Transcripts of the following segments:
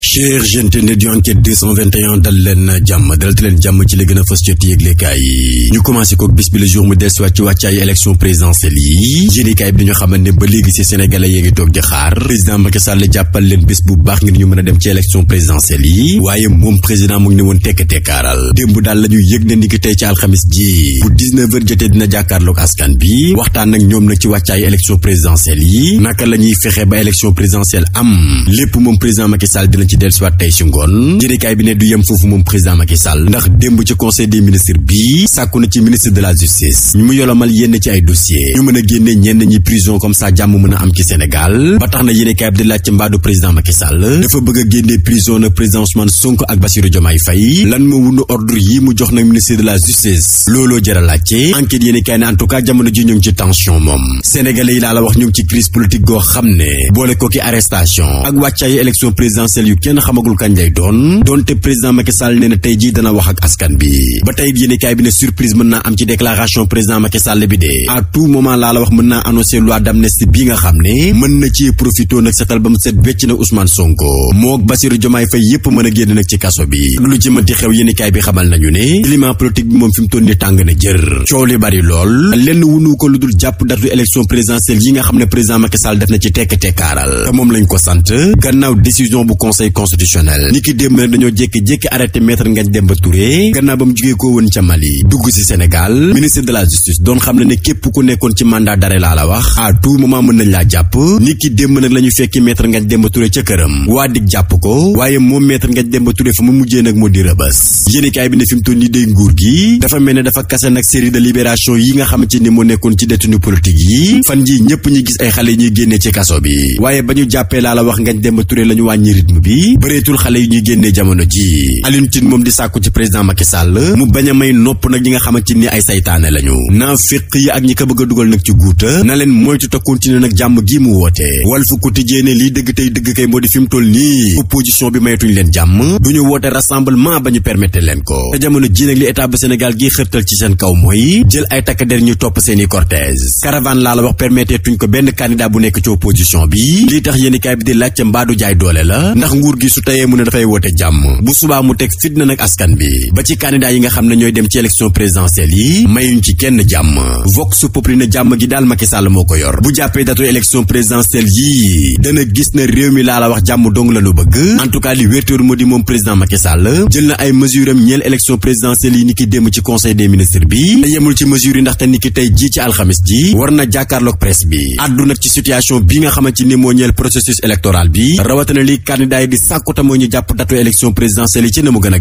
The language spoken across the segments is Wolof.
cher gentenet yu enquête 221 dal leen jàmm dalati leen jàmm ci li gën a fës ci yëglekaay yi ñu commencé ko bis bi le jour mu des wàcc wàcc ay élection présidentielle yi yéenekaay bi dañu xamal ne ba léegi ci sénégalais yi ngi di xaar président Macky Sall jàppal leen bis bu baax ngir ñu mën a dem ci élection présidentielle yi waaye moom président mu ngi woon tekk tekkaaral démb daal la yëg ne ni ki ci alxamis ji bu 19 dina jàkkaarloog ci dellusiwaat tey ci ngoon jërekaay bi ne du yem foofu moom président Macky Sall ndax démb ci conseil des ministres bi sàkku na ci ministre de la justice mu yolomal yenn ci ay dossier ñu mën a génnee ñenn ñi prison comme ça jàmm mën a am ci Sénégal ba tax na yérekaay bi di laaj ci mbaadu président Macky dafa bëgg a génnee prison na président Ousmane Sonko ak Bassirou Diomaye Faye lan ma wundu ordre yi mu jox na ministre de la justice looloo jëra laajte kenn xamagul kañ lay doon doonte président Macky Sall nee na tey jii dana wax ak askan bi ba tey yéenekaay bi ne surprise mën naa am ci déclaration président Macky ba mu set wecc na Ousmane Sonko mook Bassirou Diomaye a génn nag ci bi lu na jër coow li bari lool lenn wunu ko xam ne président Macky Sall def na ci tekk tekkaaral moom lañ ko sant gannaaw décision bu conseil conseil constitutionnel ni ki démb nag dañoo jékki-jékki arrêté maître Ngagne Demba Touré gannaaw ba mu jugee koo woon ca Mali dugg si Sénégal ministre de la justice doon xam ne ne képp ku nekkoon ci mandat d'arrêt laa la wax à tout moment mën nañ laa jàpp ni ki démb nag la ñu fekki maître Ngagne Demba Touré ca këram waa dig jàpp ko waaye moom maître Ngagne Demba Touré fa mu mujjee nag moo di rëbës yéenekaay bi ne fi mu toll nii day nguur gi dafa mel ne dafa kase nag série de libération yi nga xamante ni moo nekkoon ci détenu politique yi fan ji ñëpp ñi gis ay xale ñuy génnee ci ba ñu jàppee laa wax Ngagne Demba Touré la ñu wàññi rythme bi yi bëreetul xale yi ñuy génnee jamono ji Alioune moom di sàkku ci président Macky Sall mu bañ a may nopp nag ñi nga xamante ni ay saytaane lañu naafiq yi ak ñi ko bëgg a dugal nag ci guuta na leen moytu te continuer nag jàmm gi mu woote Walf Quotidien ne lii dëgg tey dëgg kay moo di fi mu toll nii opposition bi maytuñ leen jàmm duñu woote rassemblement ba ñu permettre leen ko te jamono ji nag li état bu Sénégal gi xërtal ci seen kaw mooy jël ay takk der ñu topp seeni cortège caravane laa la wax permettre tuñ ko benn candidat bu nekk ci opposition bi lii tax yéenikaay bi di laajte mbaadu jaay doole la nguur gi su tayee mu bu subaa mu teg xam ne ñooy dem ci élection présidentielle yi mayuñ ci kenn jàmm vox populi daal Macky Sall moo ko yor bu jàppee datu élection présidentielle yii dana gis na réew mi laa la wax jàmm dong la nu bëgg en tout cas li wértéer moo di moom président Macky Sall jël na ay mesure am ñeel élection présidentielle yi ni ki démb ci conseil des ministres bi te yemul ci mesure yi ndaxte ni ki tey jii ci alxamis ji war na jàkkaarloog presse bi àddu nag ci situation bi nga xamante ni moo ñeel processus électoral bi rawatina li candidat yi di sàkku ta ñu japp datu élection présidentielle yi ci na mu gën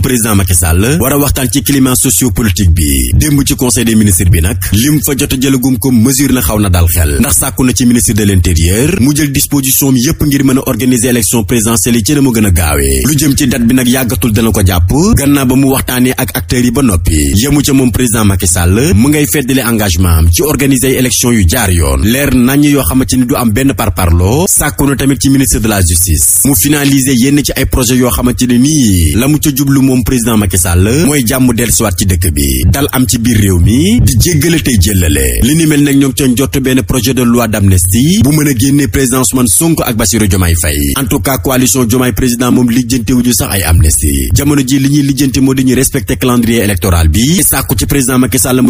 président Macky Sall wara waxtan ci climat sociopolitique bi démb ci conseil des ministres bi nak lim fa jot a ko mesure na xawna dal xel ndax sakku na ci ministre de l'intérieur mu jël disposition yépp ngir mëna organiser élection présidentielle yi ci na mu gën a lu jëm ci date bi nak yagatul dana ko japp ganna ba mu waxtaanee ak acteur yi ba nopi yëmu ci mom président Macky Sall mu ngay feddale engagement ci organiser élection yu jaar yoon leer nañ yo xamante ni du am par parlo sakku na tamit ci ministre de la justice mu finaliser yenn ci ay projet yoo xamante ne nii la mu ca jublu moom président Macky Sall mooy jàmm dellusiwaat ci dëkk bi dal am ci biir réew mi di jéggale tey jëllale li ni mel nag ñoo ngi ca njott benn projet de loi d'amnistie bu mën a génnee président Ousmane Sonko ak Bassirou Diomaye Faye en tout cas coalition Diomaye président moom lijjanti wuñu sax ay amnistie jamono ji li ñuy lijjanti moo dañuy respecter calendrier électoral bi sàkku ci président Macky Sall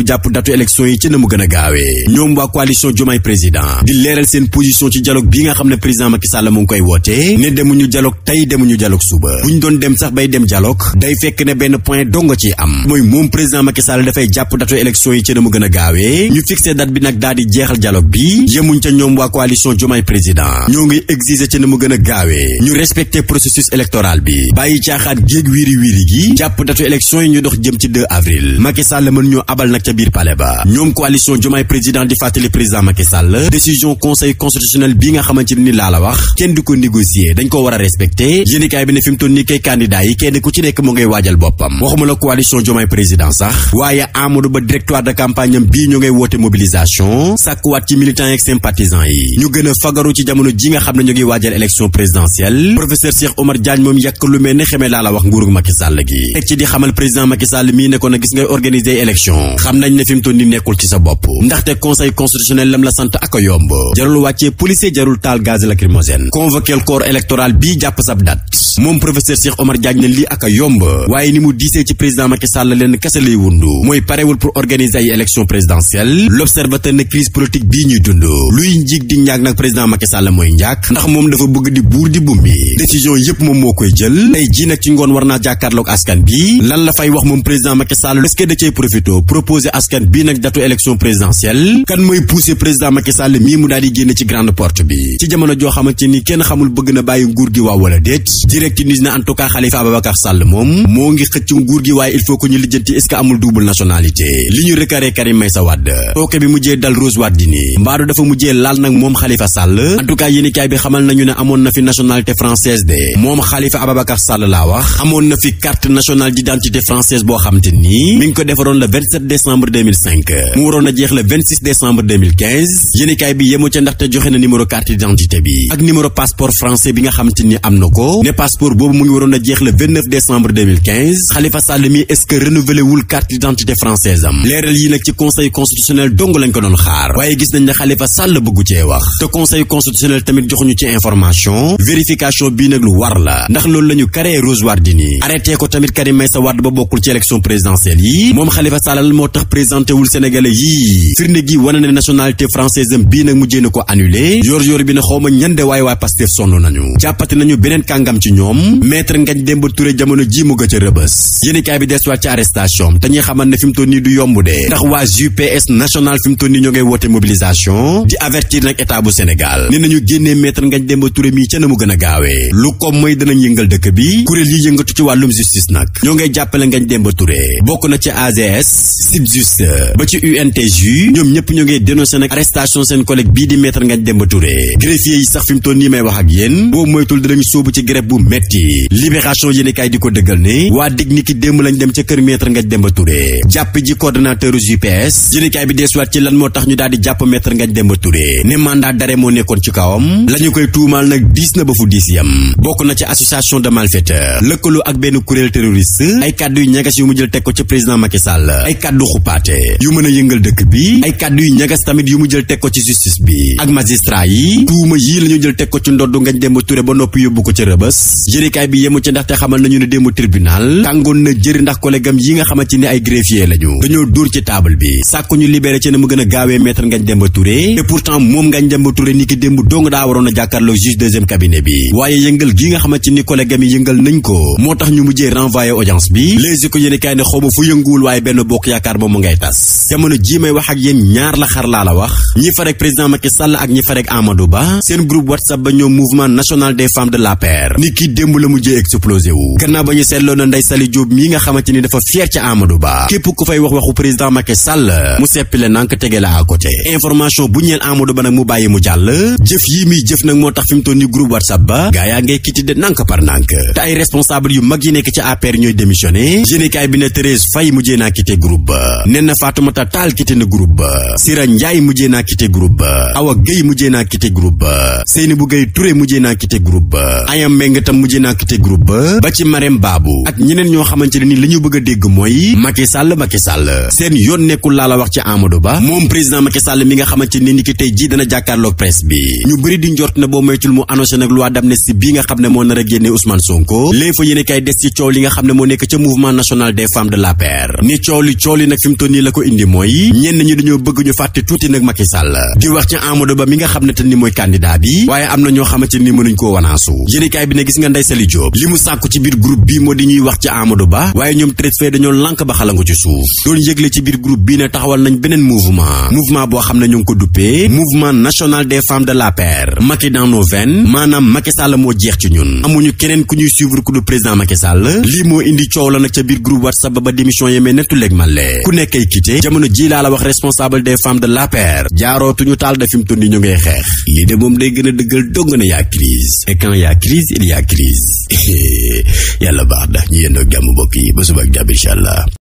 bi nga xam ne président Macky Sall mu ngi koy demuñu dialogue tey demuñu dialogue suba buñ doon dem sax bay dem dialogue day fekk ne benn point dongo ci am mooy moom président Macky Sall dafay jàpp datu élection yi ci na mu gën a gaawee ñu fixé date bi nag daal di jeexal dialogue bi yemuñ ca ñoom waa coalition Diomaye président ñoo ngi exiger ci na mu gën a gaawee ñu respecté processus électoral bi bàyyi caaxaan géeg wiiri wiiri gi jàpp datu élection yi ñu dox jëm ci 2 avril Macky Sall mën ñoo abal nag ca biir palais ba ñoom coalition Diomaye président di fàttali président Macky Sall décision conseil constitutionnel bi nga xamante ni laa la wax kenn du ko négocier dañ ko war a respecté yéenekaay bi ne fim tonni kay candidat yi kenn ku ci nek mo ngay wadjal bopam waxuma la coalition jomay président sax waaye Amadou Ba directoire de campagne bi ñu ngay woote mobilisation sak wat ci militants et sympathisants yi ñu gën a fagaru ci jamono ji nga xam ñu ngi wadjal élection présidentielle professeur Cheikh Omar Diagne mom yak lu mel ne la la wax nguurug Macky Sall gi tek ci di xamal président Macky Sall mii ne ko na gis ngay organiser élection xam nañ ne fim tonni nekul ci sa bopp ndaxte conseil constitutionnel lam la sant ak yomb jarul wàccee policier jarul tal gaz lacrymogène convoquer le corps électoral électorale bii jàpp sab moom professeur Cheikh Omar Diagne ne ak a yomb waaye ni mu diisee ci président Macky Sall leen kese lay wundu mooy parewul pour organiser ay élection présidentielle l'observateur ne crise politique bii ñuy dund luy njiig di ñaag nag président Macky Sall mooy njaag ndax moom dafa bëgg di buur di bummi décision yépp moom moo koy jël tey ji nag ci ngoon war jàkkaarloog askan bi lan la fay wax moom président Macky Sall est-ce que nguur gi waaw wala déet direct news na en tout cas Khalifa moom moo ngi xëcc nguur gi waaye il faut que ñu lijjanti est amul double nationalité li ñu recarré Karim Meïssa Wade tooke bi mujjee dal Rose Wardini mbaadu dafa mujjee laal nag moom Khalifa Sall en tout bi xamal nañu ne amoon na fi nationalité française de moom Khalifa Ababacar Sall laa wax amoon na fi carte nationale d'identité française boo xam te nii mi ngi ko defaroon xamante amna ko ne passeport bobu mu ngi warona jeex le 29 décembre 2015 Khalifa Sall mi est-ce que renouvelé wul carte d'identité française am leral yi nak ci conseil constitutionnel dong lañ ko don xaar waye gis nañ ne Khalifa Sall bëggu cee wax te conseil constitutionnel tamit ñu ci information vérification bien nak lu war la ndax loolu lañu ñu Rose Wardini arrêté ko tamit Karim Meïssa wad ba bokul ci élection présidentielle yi mom Khalifa Sall mo tax présenté wul sénégalais yi firne gi wanane nationalité française bi nak nag mujjee ko annulé yor yor bi na xawma ñande way way Pastef sonn nañu jàppati nañu beneen kàngam ci ñoom maître Ngagne Demba Touré jamono ji mu ga ca rëbës yéenekaay bi des waat ci arrestation te ñuy xamal ne fi mu toll nii du yomb de ndax waa JPS national fi mu toll nii ñoo ngay woote mobilisation di avertir nag état bu Sénégal ne nañu génnee maître Ngagne Demba Touré mii a gaawee lu ko mooy danañ yëngal dëkk bi kuréel yi yëngatu ci wàllum justice nag ñoo ngay jàppale Ngagne Demba bokk na ci AGS SYTJUST ba ci UNTJ ñoom ñëpp ñoo ngay dénoncé nag arrestation seen collègue bii di maître Ngagne Demba Touré greffier yi sax fi mu toll nii may wax ak yéen moytul dinañu sóobu ci grève bu metti libération yéenekaay di ko dëggal ne waa dig démb lañ dem ca kër maître Ngagne Demba Touré jàpp ji coordonnateur UPS yéenekaay bi deesuwaat ci lan moo tax ñu daal jàpp maître Ngagne Demba Touré ne mandat d'arrêt moo nekkoon ci kawam la koy tuumaal nag diis na ba fu diis yam bokk na ci association de malfaiteurs lëkkaloo ak benn kuréel terroriste ay kàddu ñagas yu mu jël teg ko ci président Macky ay kàddu xupaate yu mën a ba noppi yóbbu ko ca rëbës yéenekaay bi yemu ci ndaxte xamal nañu ne démb tribunal tàngoon na jër ndax collèguam yi nga xamante ni ay greffier lañu dañoo dóor ci table bi sàkku ñu ci na mu gën a gaawee maître Ngagne Demba Touré te pourtant moom Ngagne Demba Touré ni ki démb dong daa waroon a jàkkaarloo juge deuxième cabinet bi waaye yëngal gi nga xamante ni collèguam yi yëngal nañ ko moo tax ñu mujjee renvoyé audience bi Les Échos yéenekaay ne xawma nationale des de l'APR mujjee ba ñu seetloo na Ndeye yu mag yi nekk ci APR ñooy démissionné yéenekaay bi ne Thérèse Faye mujjee naa quitté groupe ba nen na Fatoumata Tall na groupe ba Sira Ndiaye mujjee naa quitté groupe ba Awa Gueye mujjee naa quitté groupe ba Seynabou Gueye Touré mujjee naa quitté groupe ba ayam mbeng tam mujj naa quitté groupe ba ba ci Marème Babou ak ñeneen ñoo xamante ni li bëgg a dégg mooy Macky Sall seen yoon nekkul laa la wax ci Amadou Ba moom président Macky di wax ci Amadou Ba mi nga xam ne te ni mooy candidat bi waaye am na ñoo xamante ni mënuñ ko wanaasu yéenekaay bi ne gis nga Ndeye Sali Diop li mu sàkku ci biir groupe bi moo di ñuy wax ci Amadou Ba waaye ñoom Thérèse Faye dañoo lànk ba xalangu ci suuf doon yëgle ci biir groupe bii ne taxawal nañ beneen mouvement mouvement boo xam ne ñu ngi ko duppee mouvement national des femmes de l'APR Macky dans nos veines maanaam Macky Sall moo jeex ci ñun amuñu keneen ku ñuy suivre ku du président Macky Sall lii moo indi coow la nag ca biir groupe WhatsApp ba démission yemee nettuleeg male ku nekkay quitté jamono ji laa la wax responsable des femmes de l'APR jaarootuñu taal da fi mu a dëggal et quand il y a crise il y a crise et il y a la barre d'ailleurs nos gamins bokki bosubak jabir